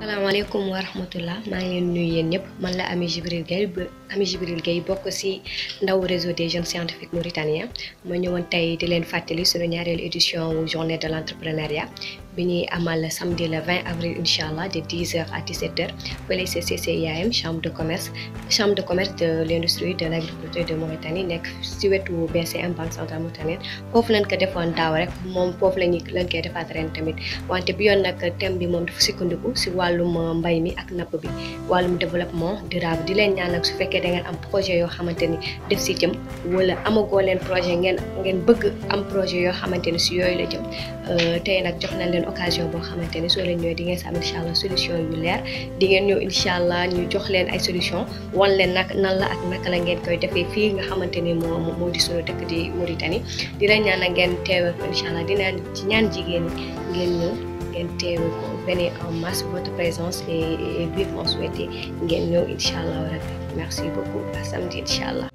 salaamaaleykum wa rahmatullah maa ngi leen nuyu yéen ñëpp man la Ami Jibril Gueye Ami Jibril Gueye bokk ci ndaw réseau des jeunes scientifiques mauritaniens ma ñëwoon tey di leen fàttali suñu ñaareelu édition journée de l'entrepreneuriat bi ñuy amal samedi le 20 avril incha allah de 10h à 17h fële ca CCIAM chambre de commerce chambre de commerce de l' industrie de l' de Mauritanie nekk si wetu BCM banque centrale mauritanienne foofu lañ ko defoon daaw rek moom foofu la ñuy lañ koy defaat ren tamit wante bi yoon nag thème bi moom dafa sukkandiku si wàllum mbay mi ak napp bi wàllum développement durable di leen ñaan nag su fekkee da ngeen am projet yoo xamante ni def si jëm wala amagoo leen projet ngeen ngeen bëgg am projet yoo xamante ni si yooyu la jëm. Euh, tey nag jox nañ leen occasion boo xamante ni soo leen ñëwee di ngeen si am incha allah solution yu leer di ngeen ñëw incha allah ñu jox leen ay solution wan leen nag nan la ak naka la ngeen koy defee fii nga xamante ni moo moo di suñu dëkk di Mauritanie di la ñaan nag ngeen teewee ko incha di dinaan ci ñaan jigéen ngeen ñëw ngeen teewee ko venez en masse votre présence est vivement souhaitée ngeen ñëw incha allah rabbi merci beaucoup à samedi incha allah